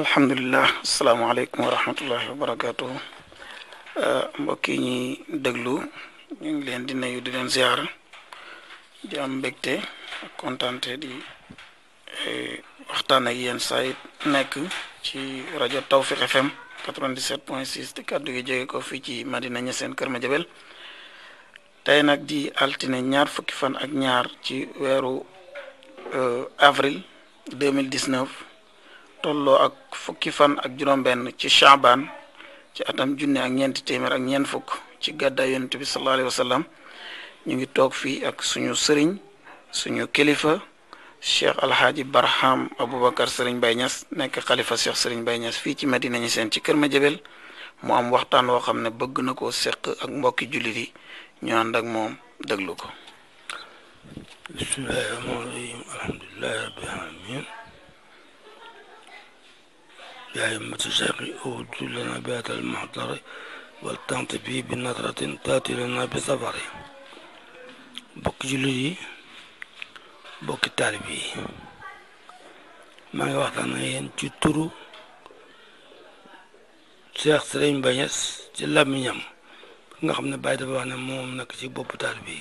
alhamdulilah asalaamaaleykum wa rahmatullahi wa barakaatu uh, mbokk yi ñuy déglu ñu ngi leen di nuyu di leen ziar di am mbégte ak kontaante di eh, waxtaan ak yéen saa yi nekk ci rajo Tawfik FM. 97 point 6 te kàddu gi jóge ko fii ci Madina Ñaseen Kër Madiabel tey nag di altine ñaar fukki fan ak ñaar ci weeru euh, avril 2019 tolloo ak fukki fan ak juróom-benn ci Chaban ci atam junne ak ñeent téeméer ak ñeent fukk ci gàddaay yonent bi sallallahu alayhi wa ñu ngi toog fii ak suñu sëriñ suñu kilifa. cheikh alhaaji barham aboubacar sëriñ Baye Niass nekk xalifa cheikh sëriñ Baye Niass fii ci Madina ñi seen ci kër ma jëbel mu am waxtaan woo xam ne bëgg na koo seq ak mbokki jullit yi ñu ànd ak moom déglu ko bismillahi rahmaani rahim alhamdulillahi rabbil alamin yaa himmata cheikhi utu lana baatal wal tant bi bi nadratin taati lana bi safari mbokki jullit yi bokki taalib yi maa ngi waxtaan ak ci turu Cheikh Serigne Baye ci làmmiñam nga xam ne Baye dafa wax ne moom nag ci bopp taalib yi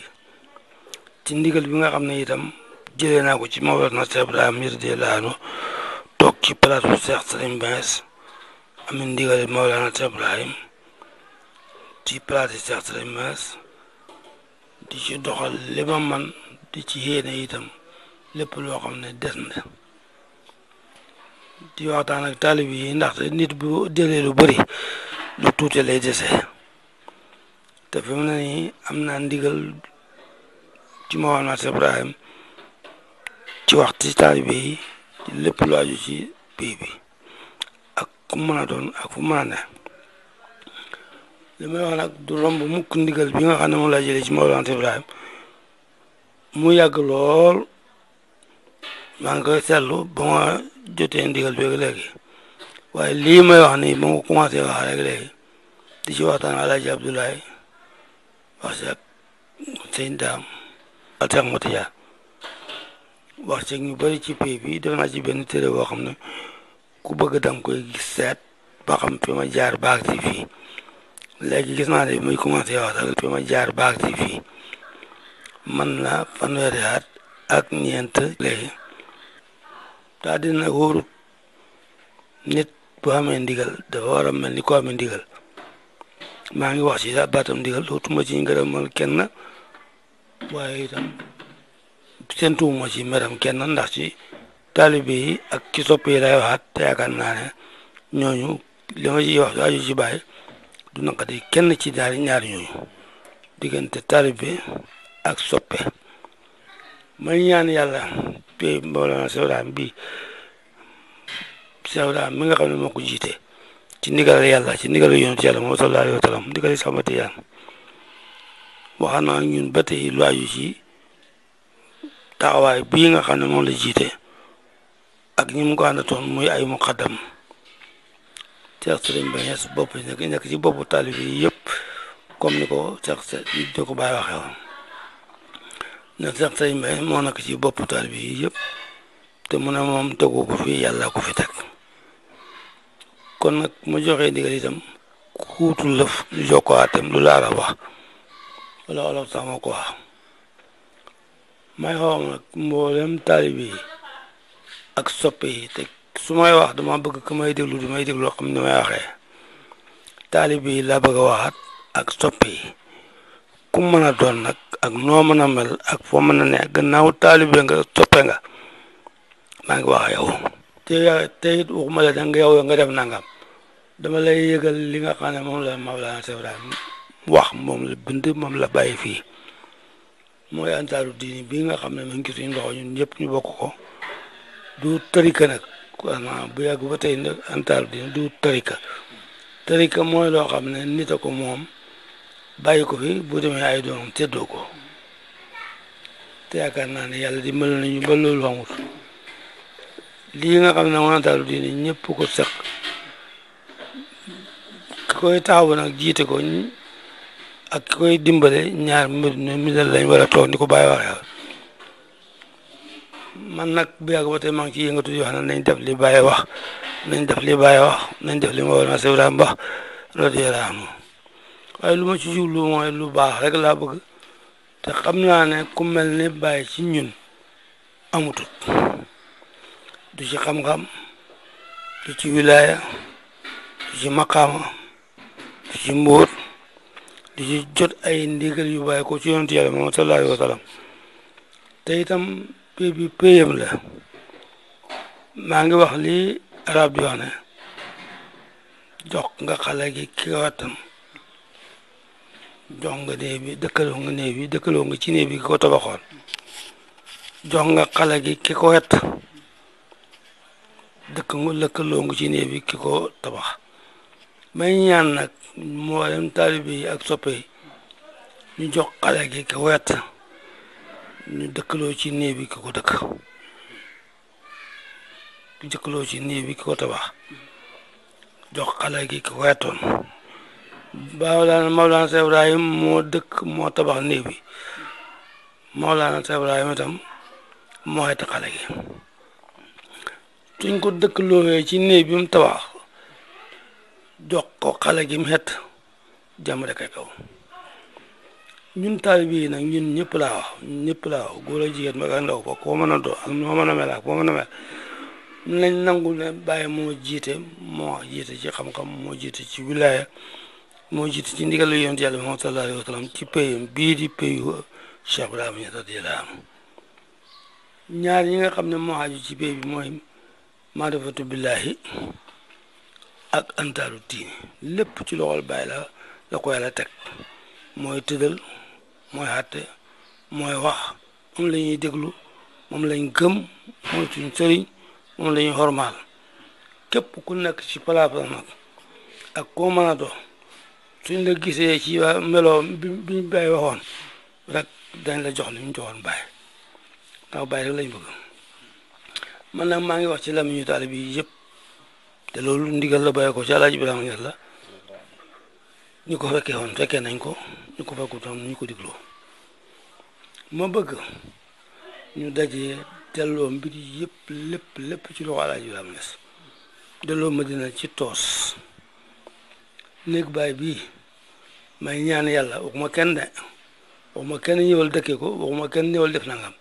ci ndigal bi nga xam ne itam jëlee naa ko ci Mawlana Cheikh Ibrahima radiyallaahu anhu toog ci plateau Cheikh Serigne Baye Niass am ndigal Mawlana Cheikh Ibrahima ci plateau Cheikh Serigne Baye di ci doxal li ma man di ci yéene itam lépp loo xam ne des na di waxtaan ak taalib yi ndaxte nit bu jëlee lu bëri lu tuuti lay dese te fi mu ne nii am naa ndigal ci Mawlana Cheikh Ibrahim ci wax ci taalib yi lépp lu aju ci pays bi ak ku mën a ak ku mën ne li may nag du romb mukk ndigal bi nga xam laa jëlee ci Mawlana Cheikh Ibrahim mu yàgg lool. maa ngi koy seetlu ba ma jotee ndigal beeg léegi waaye lii may wax nii ba ma commencé wax rek léegi di ci waxtaan Alaaji daam ak Seex Matiya wax ci ñu bëri ci pays bi def naa ci boo xam ne ku bëgg danga koy gis seet ba xam ma jaar baag si fii léegi gis naa ne bi muy commencé wax rek fi ma jaar baag si fii man na fanweeri at ak ñeent léegi te àddina nag wóorut nit bu amee ndigal dafa war mel ni ko amee ndigal maa ngi wax ci sa baatam ndigal dootuma ci ngërëmal kenn waaye itam seentuwuma ci meram kenn ndax ci taalibe yi ak ci sopp yi lay waxaat te yaakaar naa ne ñooñu li ma ciy wax aju ci bàyyi du naqati kenn ci ñaari ñaari ñooñu diggante taalibe ak soppe ma ñaan yàlla tey mboolana sewdaan bi sewdaan mi nga xam ne moo ko jiite ci ndigal yàlla ci ndigal yonent yàlla moom sallallahu alayhi wa sallam ndigal sama tiyaan waxaan naa ñun ba tey lu aju ci taxawaay bii nga xam ne moom la jiite ak ñi mu ko àndatoon muy ay muqaddam Cheikh Sëriñ Ba Ñas bopp nekk ci boppu taalibe yi yëpp comme ni ko Cheikh di ko bàyyi waxee woon ndax sax sëñ Mbaye moo nekk ci boppu taal bi yëpp te mu ne moom tegu ko fi yàlla ko fi teg kon nag mu joxee digal itam kuutul lëf du jokkooatem du laara wax wala olof sax moo ko wax may xoom nag mboolem taalibe yi ak soppe yi te su may wax dama bëgg ku may déglu di may déglu xam ni may waxee taalibe yi laa bëgg a waxaat ak soppe yi ku mën a doon nag ak noo mën a mel ak foo mën a ne gannaaw taalibe nga soppe nga maa ngi wax yow te te it waxuma la danga yow nga def nangam dama lay yëgal li nga xam ne moom la Mawlana Cheikh Ibrahim wax moom la bind moom la bàyyi fii mooy antaaru diini bi nga xam ne mu ngi suñu loxo ñun ñëpp ñu bokk ko du tarika nag bu yàgg ba tey antaaru diini du tarika tarika mooy loo xam ne nit ko moom bàyyi ko fi bu demee ay doomam teddoo ko te yaakaar naa ne yàlla dimbali nañu ba loolu amut lii nga xam ne wanataaru diine ñëpp ko sëq ki koy taxawu nag jiite ko ak ki koy dimbale ñaar mbir lañ war a toog ni ko bàyyi waxee man nag bu yàgg ba tey maa ngi ciy yëngatu di nañ def li bàyyi wa nañ def li bàyyi wax nañ def li ma war a waaye lu ma ci jublu moo lu baax rek laa bëgg te xam naa ne ku mel ni bàyyi ci ñun amutut du ci xam-xam du ci wilaaya du ci maqaama du ci mbóot du ci jot ay ndigal yu bàyyi ko ci yonent yàlla moom sallallahu alayhi wa sallam te itam pay bi payam la maa ngi wax li arab di wax ne jox nga xale gi ki wattam jox nga néeg bi dëkkaloo nga néeg bi dëkkaloo nga ci néeg bi ki ko tabaxoon jox nga gi ki ko wet dëkk nga lëkkaloo nga ci néeg bi ki ko tabax may ñaan nag mboolem taalibe ak soppe yi ñu jox xale gi ki wet ñu dëkkaloo ci néeg bi dëkk dëkkaloo ci néeg bi ki ko Mawlaana Mawlaana Cheikh Ibrahim moo dëkk moo tabax néeg bi Mawlaana Cheikh Ibrahim itam moo xet xale gi suñ ko dëkk loowee ci néeg bi mu tabax jox ko xale gi mu xet jàmm rek ay kaw ñun taalib yi nag ñun ñëpp laa wax ñun ñëpp laa wax góor ak jigéen mag ak ndaw ko koo mën a doon mën a mel ak koo mën a mel nañ nangu ne bàyyi moo jiite moo jiite ci xam-xam moo jiite ci wilaaya moo jiitu ci ndigalu yonent yàlla moom sallallahu alayhi wa sallam ci payam bii di payu Cheikh Ibrahima Niass radiyallahu anhu ñaar yi nga xam ne moo aju ci pay bi mooy maarifatu billahi ak antaaru diini lépp ci loxol bàyyi la la ko yàlla teg mooy tëddal mooy xàtte mooy wax moom la ñuy déglu moom lañ gëm mooy suñ sëriñ moom la ñuy xormaal képp ku nekk ci palaasam nag ak koo mën a suñ la gisee ci waa meloo bi ñu bàyyi waxoon rek dañ la jox li ñu joxoon bàyyi ndax bàyyi rek lañ bëgg man nag maa ngi wax ci lamiñu taalib yi yëpp te loolu ndigal la bàyyi ko ci Alaaji Ibrahima la ñu ko fekkee woon nañ ko ñu ko fekku tam ñu ko digloo ma bëgg ñu dajee delloo mbir yëpp lépp ci loxo ma dina ci toos néeg baay bii may ñaan yàlla ma kenn de waxuma kenn ñëwal dëkkee ko waxuma kenn ñëwal def nangam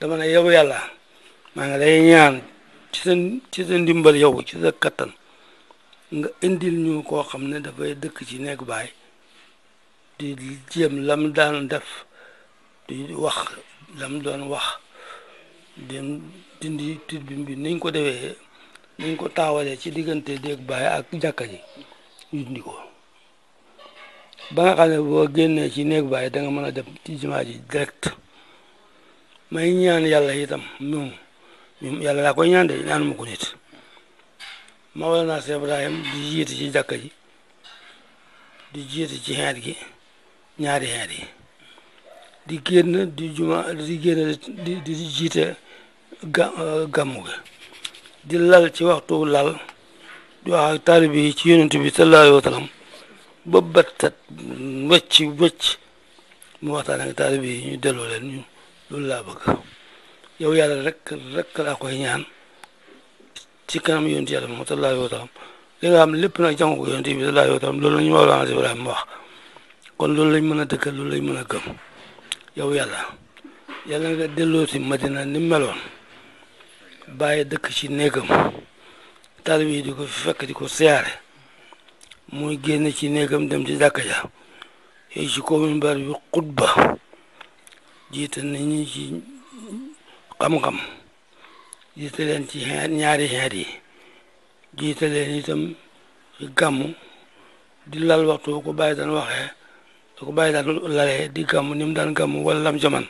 dama ne yow yàlla maa ngi lay ñaan ci sa ci sa ndimbal yow ci sa kattan nga indil ñu koo xam ne dafay dëkk ci nekk baay di jéem lam daan def di wax lam doon wax di dindi tit bi niñ ko defee niñ ko taawalee ci diggante déeg baay ak jàkka ji ñu ba nga xam ne ci néeg baay da nga mën a dem ci jumaa ji direct may ñaan yàlla itam ñoom ñoom yàlla laa koy ñaan de ñaan mu ko nit Mawlana Cheikh Ibrahim di jiite ci jàkka ji di jiite ci xeet gi ñaari xeet yi di génn di juma di génn di di jiite ga euh, di lal ci waxtu lal di wax ak taalibe yi ci yonent bi sallallahu alayhi wa sallam ba battat wëcc wëcc mu waxtaan ak taalibe yi ñu delloo leen ñu loolu laa bëgg yow yàlla rek ko laa koy kanam yonti yàlla moom sallallahu alayhi wa sallam li nga xam lépp nag jàng wa loolu la kon loolu lañ mën a dëkkal loolu lañ mën a gëm yow yàlla yàlla nga delloo si Madina ni meloon bàyyi dëkk ci néegam taalibe yi di ko fekk di ko siyaare muy génn ci néegam dem ci jàkka ja yooyu ci kaw minbar bi xutba jiite nit ñi ci xam-xam jiite leen ci xeet ñaari xeet yi jiite leen itam ci di lal waxtu ku bàyyi daan waxee ko bàyyi daan lalee di gàmmu ni mu daan gàmmu wala lam jaman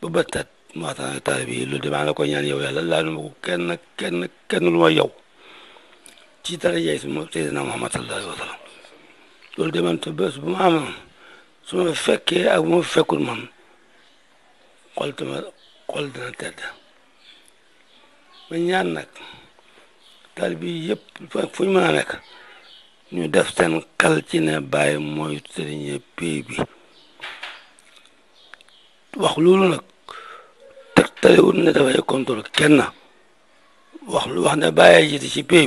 ba bëttat mu waxtaan ak taalibe yi loolu de maa la ko ñaan yow yàlla laa nu ma ko kenn kenn kenn lu wa yow ci darajay su ma Seydina Muhammad sallallahu alayhi wa sallam loolu demante bés bu ma amoon su ma fekkee ak bu ma fekkul man xol tama xol dina tedd ma ñaan nag taalibe yi yëpp fu ñu mën a nekk ñu def sen xel ci ne Baay mooy sëriñ pay bi wax loolu nag teg taliwul ne dafay contrôle kenn wax lu wax ne Baay jiite ci pay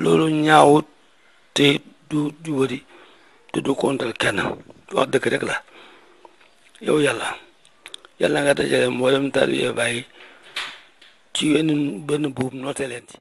loolu ñaawut te du jubadi te du kontal kenn wax dëgg rek la yow yàlla yàlla nga dajale mboolem taalibe Baay ci wenn benn buum noote leen ci